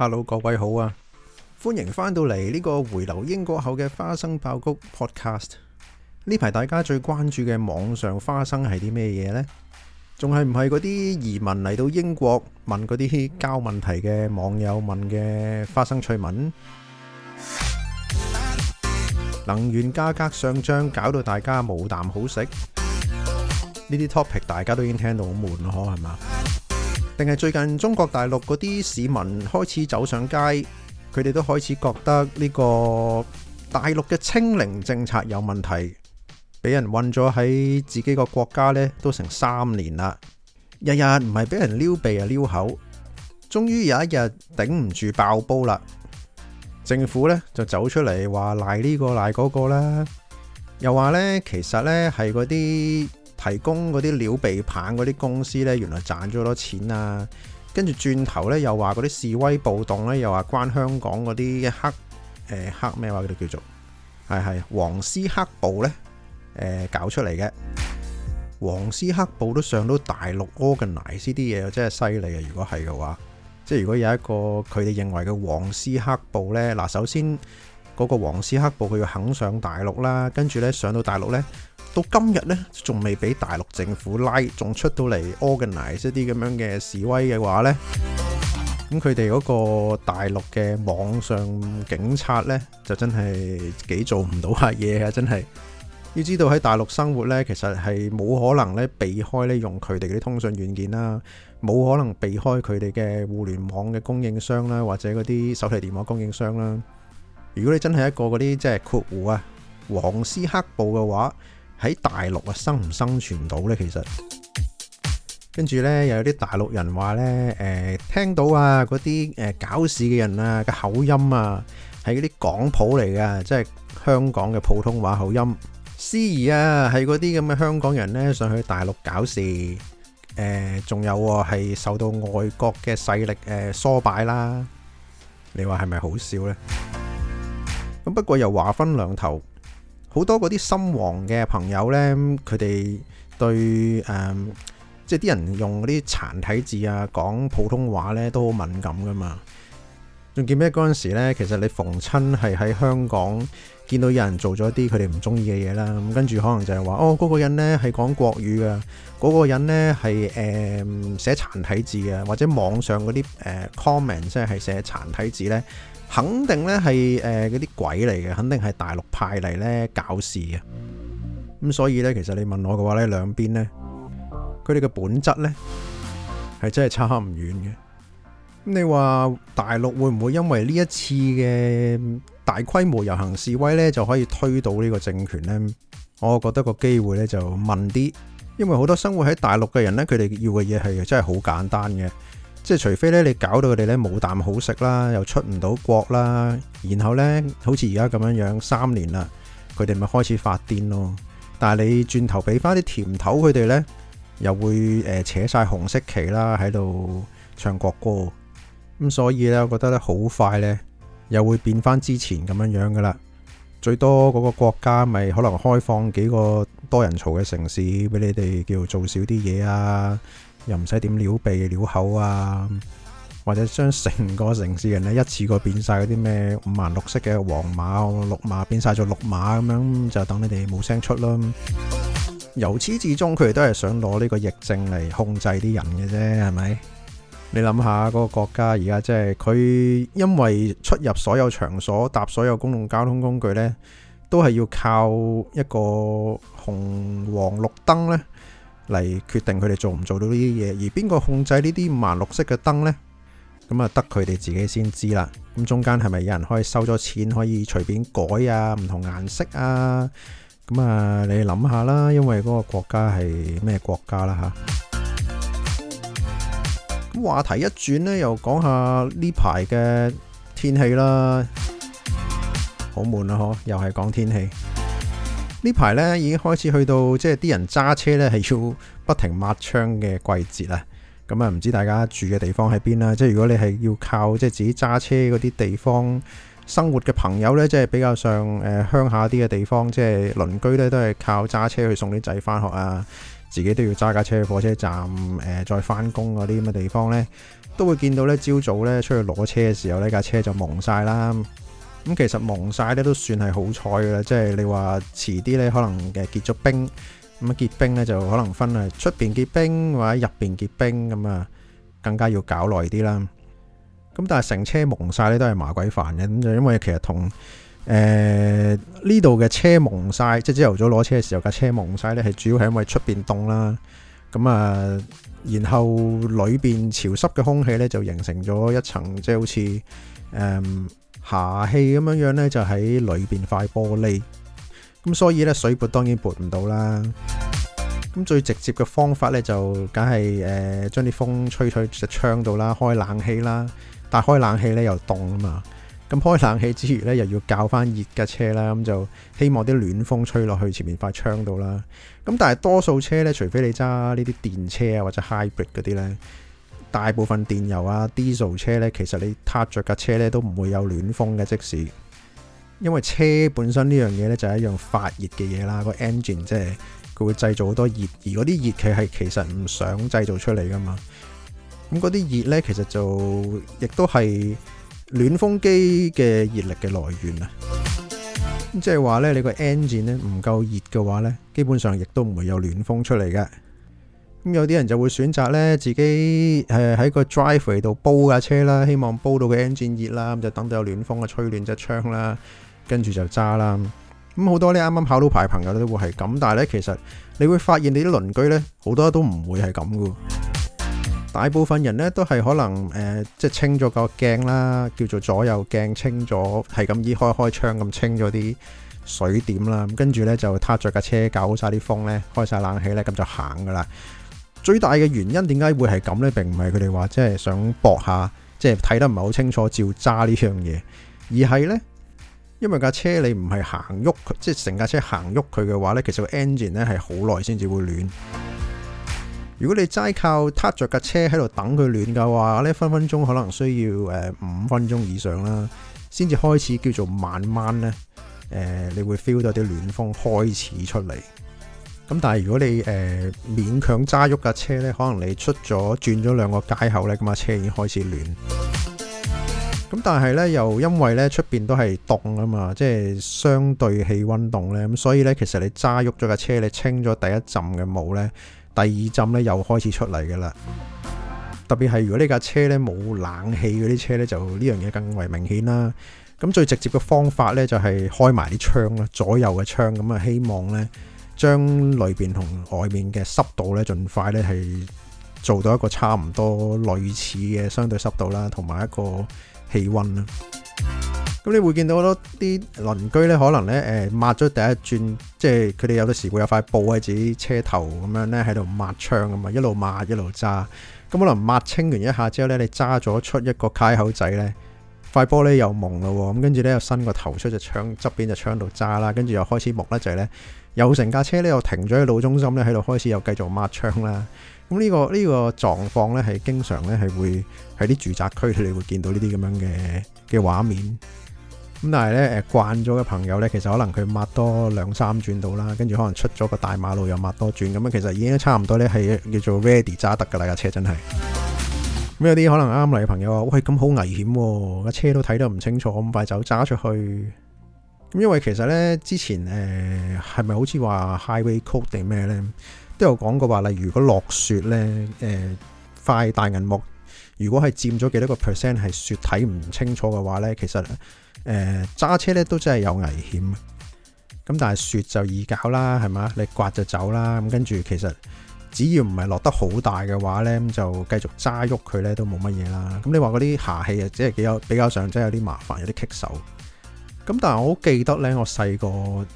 Hello，各位好啊！歡迎翻到嚟呢個回流英國後嘅花生爆谷 Podcast。呢排大家最關注嘅網上花生係啲咩嘢呢？仲係唔係嗰啲移民嚟到英國問嗰啲交問題嘅網友問嘅花生趣聞？ 能源價格上漲搞到大家冇啖好食。呢啲 topic 大家都已經聽到好悶咯，係嘛？定係最近中國大陸嗰啲市民開始走上街，佢哋都開始覺得呢個大陸嘅清零政策有問題，俾人困咗喺自己個國家呢都成三年啦，日日唔係俾人撩鼻啊撩口，終於有一日頂唔住爆煲啦，政府呢就走出嚟話賴呢個賴嗰個啦，又話呢其實呢係嗰啲。提供嗰啲鳥被棒嗰啲公司呢，原來賺咗好多錢啊！跟住轉頭呢，又話嗰啲示威暴動呢，又話關香港嗰啲黑誒黑咩話，佢哋叫做係係黃絲黑暴呢，欸、搞出嚟嘅黃絲黑暴都上到大陸 organize 啲嘢，真係犀利啊！如果係嘅話，即係如果有一個佢哋認為嘅黃絲黑暴呢，嗱首先嗰個黃絲黑暴佢要肯上大陸啦，跟住呢，上到大陸呢。到今日呢，仲未俾大陸政府拉，仲出到嚟 organize 啲咁樣嘅示威嘅話呢，咁佢哋嗰個大陸嘅網上警察呢，就真係幾做唔到下嘢啊！真係要知道喺大陸生活呢，其實係冇可能呢，避開呢用佢哋啲通訊軟件啦，冇可能避開佢哋嘅互聯網嘅供應商啦，或者嗰啲手提電話供應商啦。如果你真係一個嗰啲即係括弧啊，黃絲黑暴嘅話。喺大陸啊，生唔生存到咧？其實跟住咧，又有啲大陸人話咧，誒，聽到啊，嗰啲誒搞事嘅人啊嘅口音啊，係嗰啲港普嚟㗎，即係香港嘅普通話口音。思疑啊，係嗰啲咁嘅香港人咧，上去大陸搞事。誒，仲有係受到外國嘅勢力誒，唆擺啦。你話係咪好笑咧？咁不過又話分兩頭。好多嗰啲心黃嘅朋友呢，佢哋對誒、嗯，即係啲人用嗰啲殘體字啊，講普通話呢都好敏感噶嘛。仲記咩？嗰陣時呢，其實你逢親係喺香港見到有人做咗啲佢哋唔中意嘅嘢啦，咁跟住可能就係話，哦，嗰、嗰個人呢係講國語啊，嗰、嗰個人呢係誒、呃、寫殘體字嘅，或者網上嗰啲誒、呃、comment 即係寫殘體字呢。」肯定咧，係誒、嗰啲鬼嚟嘅，肯定係大陸派嚟呢搞事嘅。咁所以呢，其實你問我嘅話呢，兩邊呢，佢哋嘅本質呢係真係差唔遠嘅。咁你話大陸會唔會因為呢一次嘅大規模游行示威呢，就可以推倒呢個政權呢？我覺得個機會呢就問啲，因為好多生活喺大陸嘅人呢，佢哋要嘅嘢係真係好簡單嘅。即係除非咧，你搞到佢哋咧冇啖好食啦，又出唔到國啦，然後呢，好似而家咁樣樣三年啦，佢哋咪開始發癲咯。但係你轉頭俾翻啲甜頭佢哋呢，又會誒、呃、扯晒紅色旗啦，喺度唱國歌。咁所以呢，我覺得咧好快呢又會變翻之前咁樣樣噶啦。最多嗰個國家咪可能開放幾個多人嘈嘅城市俾你哋叫做做少啲嘢啊。又唔使點撩鼻撩口啊，或者將成個城市人咧一次過變晒嗰啲咩五顏六色嘅黃馬、綠馬變晒咗綠馬咁樣，就等你哋冇聲出囉。由始至終，佢哋都係想攞呢個疫症嚟控制啲人嘅啫，係咪？你諗下嗰個國家而家即係佢因為出入所有場所、搭所有公共交通工具呢，都係要靠一個紅黃綠燈呢。嚟決定佢哋做唔做到呢啲嘢，而邊個控制呢啲五顏六色嘅燈呢？咁啊，得佢哋自己先知啦。咁中間係咪有人可以收咗錢，可以隨便改啊？唔同顏色啊？咁啊，你諗下啦，因為嗰個國家係咩國家啦？嚇。咁話題一轉呢，又講下呢排嘅天氣啦。好悶啊！呵，又係講天氣。呢排呢，已經開始去到，即係啲人揸車呢，係要不停抹窗嘅季節啦。咁啊，唔知大家住嘅地方喺邊啦？即係如果你係要靠，即係自己揸車嗰啲地方生活嘅朋友呢，即係比較上誒、呃、鄉下啲嘅地方，即係鄰居呢都係靠揸車去送啲仔返學啊，自己都要揸架車去火車站、呃、再返工嗰啲咁嘅地方呢，都會見到呢。朝早呢出去攞車嘅時候，呢架車就蒙晒啦。咁其實蒙晒咧都算係好彩嘅啦，即係你話遲啲咧可能誒結咗冰，咁結冰咧就可能分係出邊結冰或者入邊結冰咁啊，更加要搞耐啲啦。咁但係成車蒙晒咧都係麻鬼煩嘅，咁就因為其實同誒呢度嘅車蒙晒，即係朝頭早攞車嘅時候架車蒙晒咧，係主要係因為出邊凍啦，咁、嗯、啊、呃，然後裏邊潮濕嘅空氣咧就形成咗一層，即係好似誒。嗯下氣咁樣樣咧，就喺裏邊塊玻璃，咁所以咧水撥當然撥唔到啦。咁最直接嘅方法咧，就梗係誒，將、呃、啲風吹去隻窗度啦，開冷氣啦。但係開冷氣咧又凍啊嘛。咁開冷氣之餘咧，又要較翻熱嘅車啦。咁就希望啲暖風吹落去前面塊窗度啦。咁但係多數車咧，除非你揸呢啲電車啊或者 hybrid 嗰啲咧。大部分電油啊，Diesel 車咧，其實你撻着架車咧都唔會有暖風嘅，即使因為車本身呢樣嘢咧就係一樣發熱嘅嘢啦，個 engine 即係佢會製造好多熱，而嗰啲熱佢係其實唔想製造出嚟㗎嘛。咁嗰啲熱咧其實就亦都係暖風機嘅熱力嘅來源啊。即係話咧，你個 engine 咧唔夠熱嘅話咧，基本上亦都唔會有暖風出嚟嘅。咁有啲人就會選擇咧，自己誒喺個 drive 嚟度煲架車啦，希望煲到嘅 engine 熱啦，咁就等到有暖風啊，吹暖隻窗啦，跟住就揸啦。咁好多咧，啱啱考到牌朋友咧都會係咁，但係咧其實你會發現你啲鄰居咧好多都唔會係咁噶。大部分人咧都係可能誒，即係清咗個鏡啦，叫做左右鏡清咗，係咁醫開開窗咁清咗啲水點啦，咁跟住咧就撻著架車，搞好曬啲風咧，開曬冷氣咧，咁就行噶啦。最大嘅原因點解會係咁呢？並唔係佢哋話即係想搏下，即係睇得唔係好清楚，照揸呢樣嘢，而係呢，因為架車你唔係行喐，即係成架車行喐佢嘅話呢，其實個 engine 咧係好耐先至會暖。如果你齋靠撻着架車喺度等佢暖嘅話呢，分分鐘可能需要誒五分鐘以上啦，先至開始叫做慢慢呢，誒你會 feel 到啲暖風開始出嚟。咁但係如果你誒勉強揸喐架車呢，可能你出咗轉咗兩個街口呢，咁啊車已經開始暖。咁但係呢，又因為呢出邊都係凍啊嘛，即係相對氣温凍呢。咁所以呢，其實你揸喐咗架車，你清咗第一浸嘅霧呢，第二浸呢又開始出嚟嘅啦。特別係如果呢架車呢冇冷氣嗰啲車呢，就呢樣嘢更為明顯啦。咁最直接嘅方法呢，就係開埋啲窗啦，左右嘅窗咁啊，希望呢。將裏邊同外面嘅濕度咧，盡快咧係做到一個差唔多類似嘅相對濕度啦，同埋一個氣温啦。咁你會見到好多啲鄰居呢，可能呢誒抹咗第一轉，即係佢哋有啲時候會有塊布喺自己車頭咁樣呢，喺度抹窗咁啊，一路抹一路揸。咁可能抹清完一下之後呢，你揸咗出一個街口仔呢。塊玻璃又蒙咯，咁跟住咧又伸個頭出隻窗側邊隻窗度揸啦，跟住又開始木咧，就係、是、咧有成架車咧又停咗喺路中心咧喺度開始又繼續抹窗啦。咁、這、呢個呢、這個狀況咧係經常咧係會喺啲住宅區你會見到呢啲咁樣嘅嘅畫面。咁但係咧誒慣咗嘅朋友咧，其實可能佢抹多兩三轉到啦，跟住可能出咗個大馬路又多抹多轉，咁啊其實已經差唔多咧係叫做 Ready 揸得噶啦架車真係。咩，有啲可能啱嚟朋友話，喂，咁好危險，啊，個車都睇得唔清楚，咁快走揸出去。咁因為其實呢，之前誒係咪好似話 highway code 定咩呢？都有講過話，例如如果落雪呢，誒、呃、塊大銀幕，如果係佔咗幾多個 percent 係雪睇唔清楚嘅話呢，其實誒揸、呃、車呢都真係有危險。咁但係雪就易搞啦，係咪？你刮就走啦。咁跟住其實。只要唔係落得好大嘅話呢，就繼續揸喐佢呢，都冇乜嘢啦。咁你話嗰啲下氣啊，即係幾有比較上真係有啲麻煩，有啲棘手。咁但係我好記得呢，我細個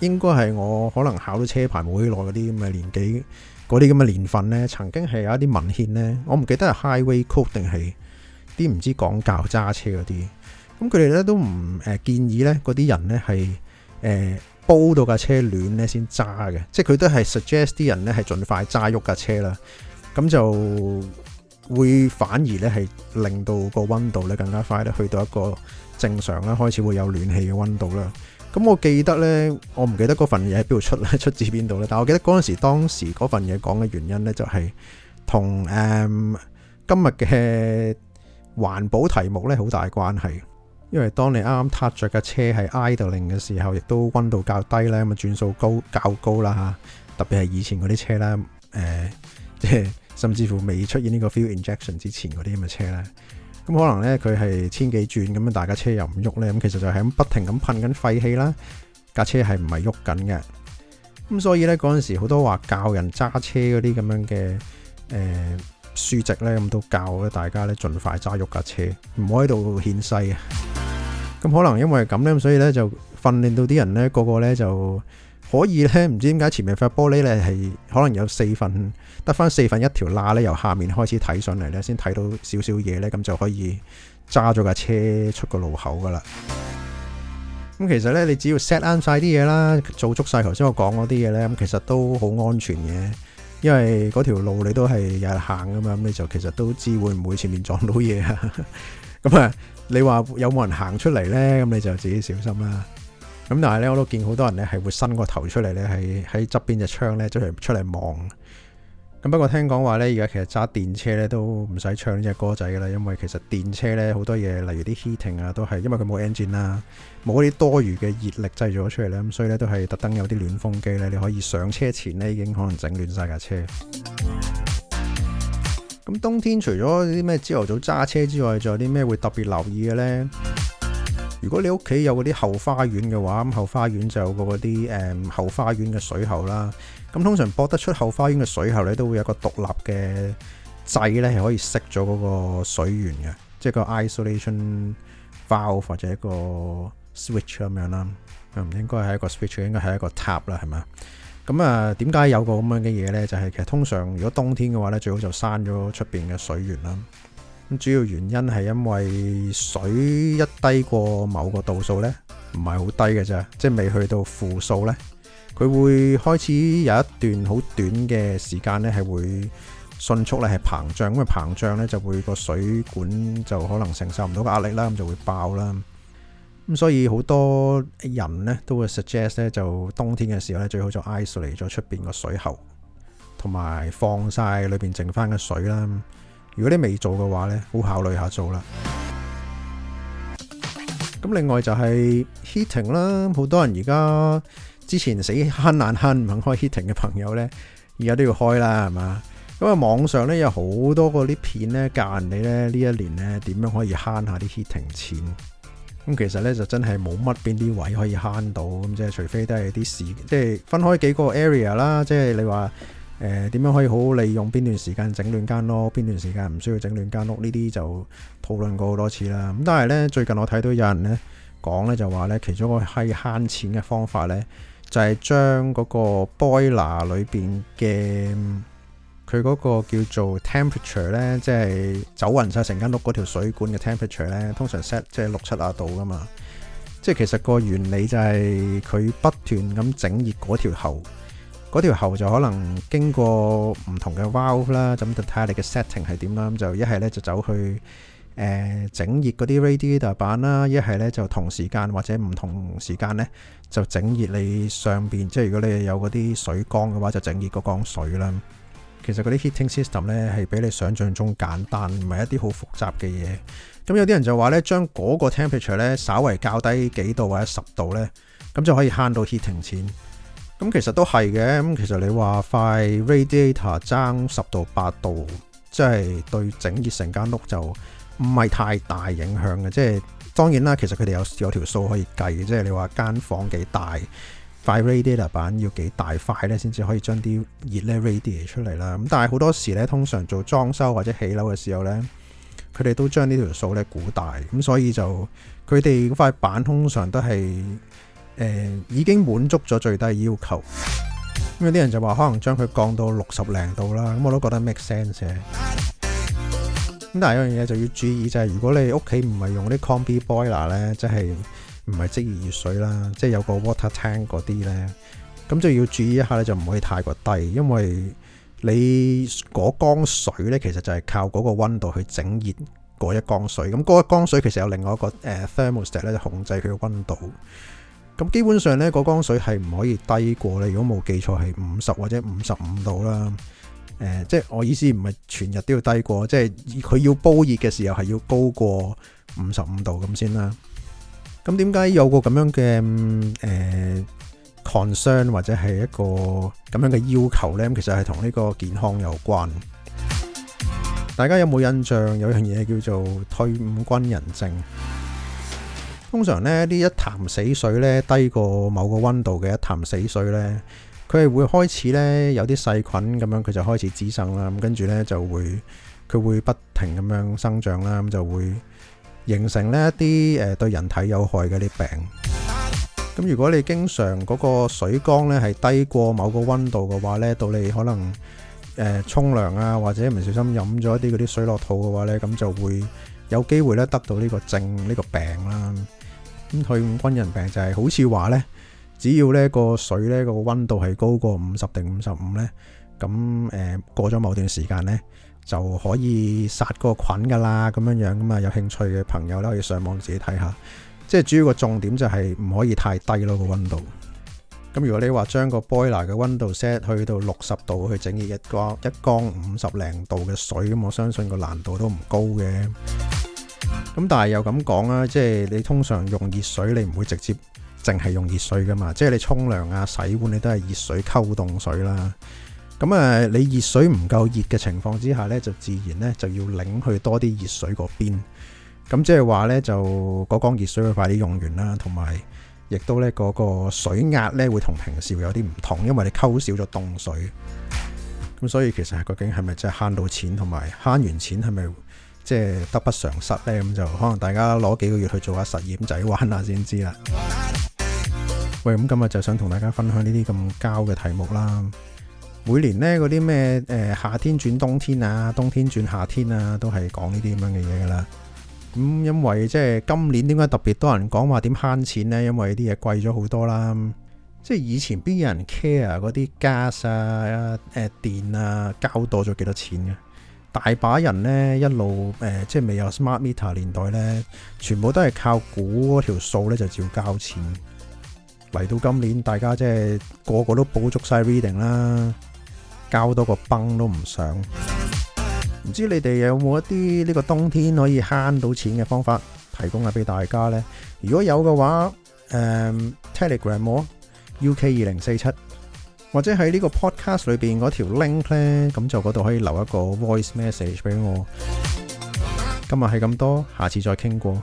應該係我可能考咗車牌冇幾耐嗰啲咁嘅年紀，嗰啲咁嘅年份呢，曾經係有一啲文獻呢。我唔記得係 highway code 定係啲唔知講教揸車嗰啲。咁佢哋呢都唔誒建議呢嗰啲人呢係誒。煲到架車暖咧先揸嘅，即係佢都係 suggest 啲人咧係盡快揸喐架車啦，咁就會反而咧係令到個溫度咧更加快咧去到一個正常啦，開始會有暖氣嘅溫度啦。咁我記得呢，我唔記得嗰份嘢喺邊度出出自邊度咧，但係我記得嗰陣時當時嗰份嘢講嘅原因呢，就係同誒今日嘅環保題目呢好大關係。因為當你啱啱撻着架車係 idling 嘅時候，亦都溫度較低咧，咁啊轉數高較高啦吓。特別係以前嗰啲車咧，誒、呃，即係甚至乎未出現呢個 fuel injection 之前嗰啲咁嘅車咧，咁可能咧佢係千幾轉咁樣，大家車又唔喐咧，咁其實就係咁不停咁噴緊廢氣啦。架車係唔係喐緊嘅，咁所以咧嗰陣時好多話教人揸車嗰啲咁樣嘅誒書籍咧，咁、呃、都教咧大家咧盡快揸喐架車，唔好喺度獻世啊。咁可能因為咁咧，所以咧就訓練到啲人咧，個個咧就可以咧，唔知點解前面塊玻璃咧係可能有四份，得翻四份一條罅咧，由下面開始睇上嚟咧，先睇到少少嘢咧，咁就可以揸咗架車出個路口噶啦。咁其實咧，你只要 set 啱晒啲嘢啦，做足晒頭先我講嗰啲嘢咧，咁其實都好安全嘅，因為嗰條路你都係日日行啊嘛，咁你就其實都知會唔會前面撞到嘢啊？咁啊。你話有冇人行出嚟呢？咁你就自己小心啦。咁但係呢，我都見好多人呢係會伸個頭出嚟呢係喺側邊隻窗呢，出嚟望。咁不過聽講話呢，而家其實揸電車呢都唔使唱呢隻歌仔㗎啦，因為其實電車呢好多嘢，例如啲 heating 啊，都係因為佢冇 engine 啦，冇嗰啲多餘嘅熱力製造咗出嚟呢。咁所以呢，都係特登有啲暖風機呢，你可以上車前呢已經可能整暖晒架車。咁冬天除咗啲咩朝頭早揸車之外，仲有啲咩會特別留意嘅呢？如果你屋企有嗰啲後花園嘅話，咁後花園就有個嗰啲誒後花園嘅水喉啦。咁通常播得出後花園嘅水喉咧，都會有個獨立嘅掣咧，係可以熄咗嗰個水源嘅，即係個 isolation valve 或者一個 switch 咁樣啦。唔應該係一個 switch，應該係一個 tap 啦，係咪？咁啊，點解有個咁樣嘅嘢咧？就係其實通常如果冬天嘅話咧，最好就閂咗出邊嘅水源啦。咁主要原因係因為水一低過某個度數咧，唔係好低嘅啫，即係未去到負數咧，佢會開始有一段好短嘅時間咧，係會迅速咧係膨脹。咁啊膨脹咧就會個水管就可能承受唔到嘅壓力啦，咁就會爆啦。咁所以好多人咧都會 suggest 咧就冬天嘅時候咧最好就 isolate 咗出邊個水喉，同埋放晒裏邊淨翻嘅水啦。如果你未做嘅話咧，好考慮一下做啦。咁另外就係 heating 啦，好多人而家之前死慳爛慳唔肯開 heating 嘅朋友咧，而家都要開啦，係嘛？咁啊網上咧有好多嗰啲片咧教人哋咧呢一年咧點樣可以慳下啲 heating 錢。咁其實咧就真係冇乜邊啲位可以慳到，咁即係除非都係啲事即係分開幾個 area 啦，即係你話誒點樣可以好好利用邊段時間整暖間咯，邊段時間唔需要整暖間屋呢啲就討論過好多次啦。咁但係咧最近我睇到有人咧講咧就話咧，其中一個係慳錢嘅方法咧，就係、是、將嗰個 boiler 裏邊嘅。佢嗰個叫做 temperature 呢，即係走勻晒成間屋嗰條水管嘅 temperature 呢，通常 set 即係六七啊度㗎嘛。即係其實個原理就係佢不斷咁整熱嗰條喉，嗰條喉就可能經過唔同嘅 valve 啦。咁就睇下你嘅 setting 係點啦。咁就一係呢就走去誒、呃、整熱嗰啲 radiator 板啦，一係呢就同時間或者唔同時間呢就整熱你上邊。即係如果你有嗰啲水缸嘅話，就整熱個缸水啦。其實嗰啲 heating system 咧係比你想象中簡單，唔係一啲好複雜嘅嘢。咁有啲人就話咧，將嗰個 temperature 咧稍為較低幾度或者十度咧，咁就可以慳到 heating 錢。咁其實都係嘅。咁其實你話快 radiator 爭十度八度，即係對整熱成間屋就唔係太大影響嘅。即係當然啦，其實佢哋有有條數可以計嘅。即係你話間房幾大。塊 radiator 板要幾大塊咧，先至可以將啲熱咧 radiate 出嚟啦。咁但係好多時咧，通常做裝修或者起樓嘅時候咧，佢哋都將呢條數咧估大，咁所以就佢哋嗰塊板通常都係誒、呃、已經滿足咗最低要求。咁有啲人就話可能將佢降到六十零度啦。咁我都覺得 make sense 啫。咁但係一樣嘢就要注意就係、是，如果你屋企唔係用啲 combi boiler 咧，即係。唔係即熱水啦，即係有個 water tank 嗰啲呢。咁就要注意一下咧，就唔可以太過低，因為你嗰缸水呢，其實就係靠嗰個温度去整熱嗰一缸水。咁嗰一缸水其實有另外一個誒 thermostat 咧，控制佢嘅温度。咁基本上呢，嗰缸水係唔可以低過呢，如果冇記錯，係五十或者五十五度啦。誒、呃，即係我意思唔係全日都要低過，即係佢要煲熱嘅時候係要高過五十五度咁先啦。咁點解有個咁樣嘅誒 concern 或者係一個咁樣嘅要求咧？咁其實係同呢個健康有關。大家有冇印象有樣嘢叫做退伍軍人症？通常咧，啲一潭死水咧，低過某個温度嘅一潭死水咧，佢係會開始咧有啲細菌咁樣，佢就開始滋生啦。咁跟住咧就會佢會不停咁樣生長啦，咁就會。形成咧一啲誒對人體有害嘅啲病。咁如果你經常嗰個水缸咧係低過某個溫度嘅話咧，到你可能誒沖涼啊，或者唔小心飲咗一啲嗰啲水落肚嘅話咧，咁就會有機會咧得到呢個症呢個病啦。咁退伍軍人病就係好似話咧，只要呢個水呢個溫度係高過五十定五十五咧，咁誒過咗某段時間咧。就可以殺嗰個菌噶啦，咁樣樣噶嘛。有興趣嘅朋友咧，可以上網自己睇下。即係主要個重點就係唔可以太低咯温度。咁如果你話將個 boiler 嘅温度 set 去到六十度去整熱一缸一缸五十零度嘅水，咁我相信個難度都唔高嘅。咁但係又咁講啦，即係你通常用熱水，你唔會直接淨係用熱水噶嘛。即係你沖涼啊、洗碗，你都係熱水溝凍水啦。咁啊，你熱水唔夠熱嘅情況之下呢就自然呢就要擰去多啲熱水嗰邊。咁即係話呢，就嗰缸、那個、熱水會快啲用完啦，同埋亦都呢嗰、那個水壓呢會同平時有啲唔同，因為你溝少咗凍水。咁所以其實係究竟係咪真係慳到錢，同埋慳完錢係咪即係得不償失呢？咁就可能大家攞幾個月去做下實驗仔玩下先知啦。喂，咁今日就想同大家分享呢啲咁膠嘅題目啦。每年咧，嗰啲咩，誒夏天轉冬天啊，冬天轉夏天啊，都係講呢啲咁樣嘅嘢噶啦。咁、嗯、因為即係今年點解特別多人講話點慳錢呢？因為啲嘢貴咗好多啦。即係以前邊有人 care 嗰啲 gas 啊、誒、啊啊、電啊交了多咗幾多錢嘅？大把人呢一路誒、呃，即係未有 smart meter 年代呢，全部都係靠估嗰條數咧就照交錢。嚟到今年，大家即係個個都補足晒 reading 啦。交多個泵都唔想，唔知你哋有冇一啲呢個冬天可以慳到錢嘅方法提供下俾大家呢？如果有嘅話，誒，Telegram 我 UK 二零四七，或者喺呢個 Podcast 裏邊嗰條 link 呢，咁就嗰度可以留一個 voice message 俾我。今日係咁多，下次再傾過。